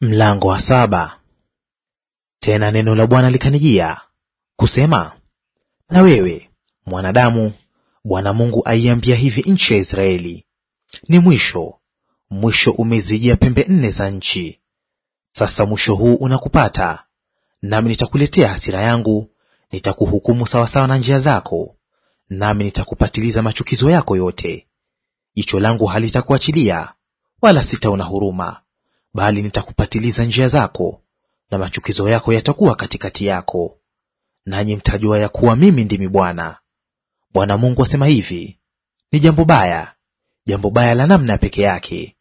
Mlango wa saba. Tena neno la Bwana likanijia kusema, na wewe mwanadamu, Bwana Mungu aiambia hivi nchi ya Israeli, ni mwisho, mwisho umezijia pembe nne za nchi. Sasa mwisho huu unakupata, nami nitakuletea hasira yangu, nitakuhukumu sawasawa na njia zako, nami nitakupatiliza machukizo yako yote. Jicho langu halitakuachilia, wala sitaona huruma bali nitakupatiliza njia zako, na machukizo yako yatakuwa katikati yako, nanyi mtajua ya kuwa mimi ndimi Bwana. Bwana Mungu asema hivi: ni jambo baya, jambo baya la namna peke yake!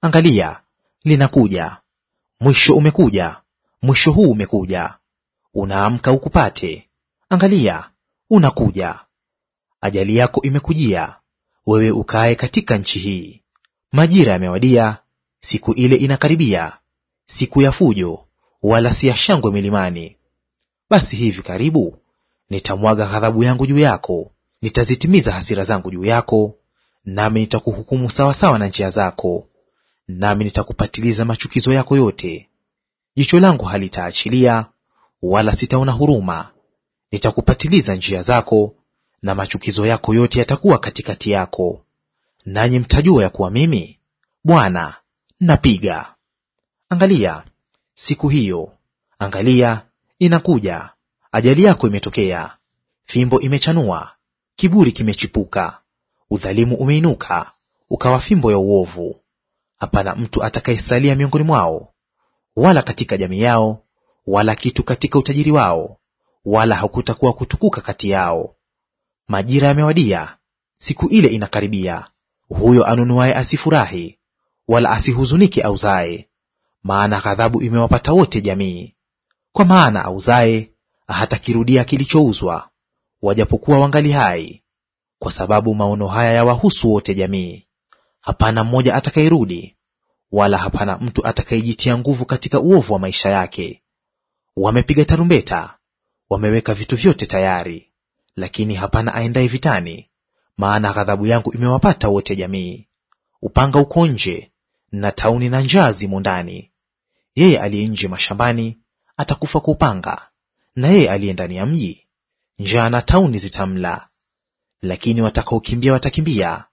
Angalia, linakuja, mwisho umekuja, mwisho huu umekuja. Unaamka ukupate, angalia, unakuja. Ajali yako imekujia wewe ukae katika nchi hii, majira yamewadia Siku ile inakaribia, siku ya fujo, wala si ya shangwe milimani. Basi hivi karibu nitamwaga ghadhabu yangu juu yako, nitazitimiza hasira zangu juu yako, nami nitakuhukumu sawasawa na njia zako, nami nitakupatiliza machukizo yako yote. Jicho langu halitaachilia wala sitaona huruma, nitakupatiliza njia zako, na machukizo yako yote yatakuwa katikati yako. Nanyi mtajua ya kuwa mimi Bwana napiga. Angalia siku hiyo, angalia inakuja, ajali yako imetokea, fimbo imechanua, kiburi kimechipuka, udhalimu umeinuka ukawa fimbo ya uovu. Hapana mtu atakayesalia miongoni mwao, wala katika jamii yao, wala kitu katika utajiri wao, wala hakutakuwa kutukuka kati yao. Majira yamewadia, siku ile inakaribia; huyo anunuaye asifurahi, wala asihuzunike auzaye, maana ghadhabu imewapata wote jamii. Kwa maana auzaye hatakirudia kilichouzwa, wajapokuwa wangali hai, kwa sababu maono haya yawahusu wote jamii. Hapana mmoja atakayerudi, wala hapana mtu atakayejitia nguvu katika uovu wa maisha yake. Wamepiga tarumbeta, wameweka vitu vyote tayari, lakini hapana aendaye vitani, maana ghadhabu yangu imewapata wote jamii. Upanga uko nje, na tauni na njaa zimo ndani. Yeye aliye nje mashambani atakufa kwa upanga, na yeye aliye ndani ya mji njaa na tauni zitamla. Lakini watakaokimbia watakimbia,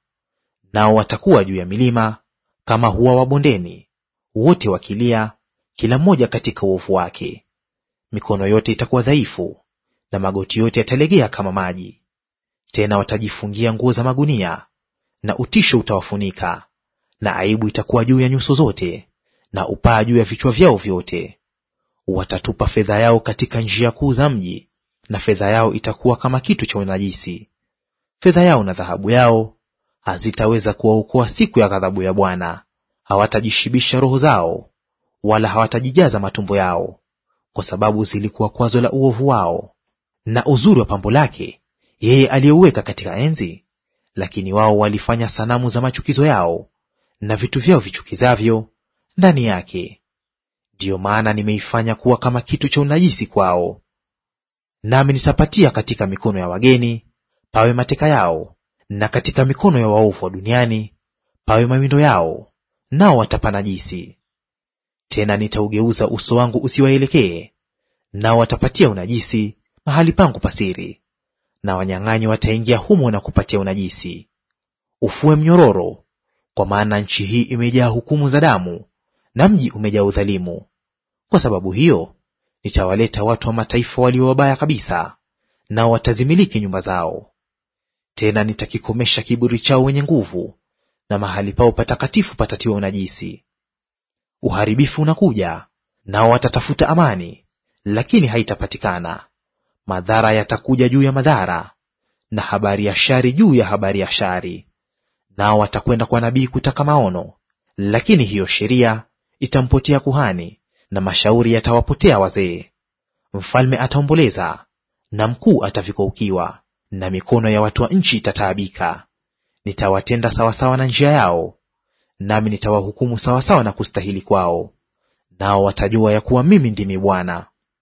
nao watakuwa juu ya milima kama hua wa bondeni, wote wakilia, kila mmoja katika uovu wake. Mikono yote itakuwa dhaifu na magoti yote yatalegea kama maji. Tena watajifungia nguo za magunia na utisho utawafunika na aibu itakuwa juu ya nyuso zote, na upaa juu ya vichwa vyao vyote. Watatupa fedha yao katika njia kuu za mji, na fedha yao itakuwa kama kitu cha unajisi. Fedha yao na dhahabu yao hazitaweza kuwaokoa siku ya ghadhabu ya Bwana. Hawatajishibisha roho zao, wala hawatajijaza matumbo yao, kwa sababu zilikuwa kwazo la uovu wao. Na uzuri wa pambo lake yeye aliyeuweka katika enzi, lakini wao walifanya sanamu za machukizo yao na vitu vyao vichukizavyo ndani yake; ndiyo maana nimeifanya kuwa kama kitu cha unajisi kwao. Nami nitapatia katika mikono ya wageni pawe mateka yao, na katika mikono ya waovu wa duniani pawe mawindo yao, nao watapanajisi. Tena nitaugeuza uso wangu usiwaelekee, nao watapatia unajisi mahali pangu pasiri, na wanyang'anyi wataingia humo na kupatia unajisi. Ufue mnyororo kwa maana nchi hii imejaa hukumu za damu, na mji umejaa udhalimu. Kwa sababu hiyo nitawaleta watu wa mataifa walio wabaya kabisa, nao watazimiliki nyumba zao. Tena nitakikomesha kiburi chao wenye nguvu, na mahali pao patakatifu patatiwa unajisi. Uharibifu unakuja, nao watatafuta amani, lakini haitapatikana. Madhara yatakuja juu ya madhara, na habari ya shari juu ya habari ya shari nao watakwenda kwa nabii kutaka maono, lakini hiyo sheria itampotea kuhani, na mashauri yatawapotea wazee. Mfalme ataomboleza na mkuu atavikwa ukiwa, na mikono ya watu wa nchi itataabika. Nitawatenda sawasawa na njia yao, nami nitawahukumu sawasawa na kustahili kwao, nao watajua ya kuwa mimi ndimi Bwana.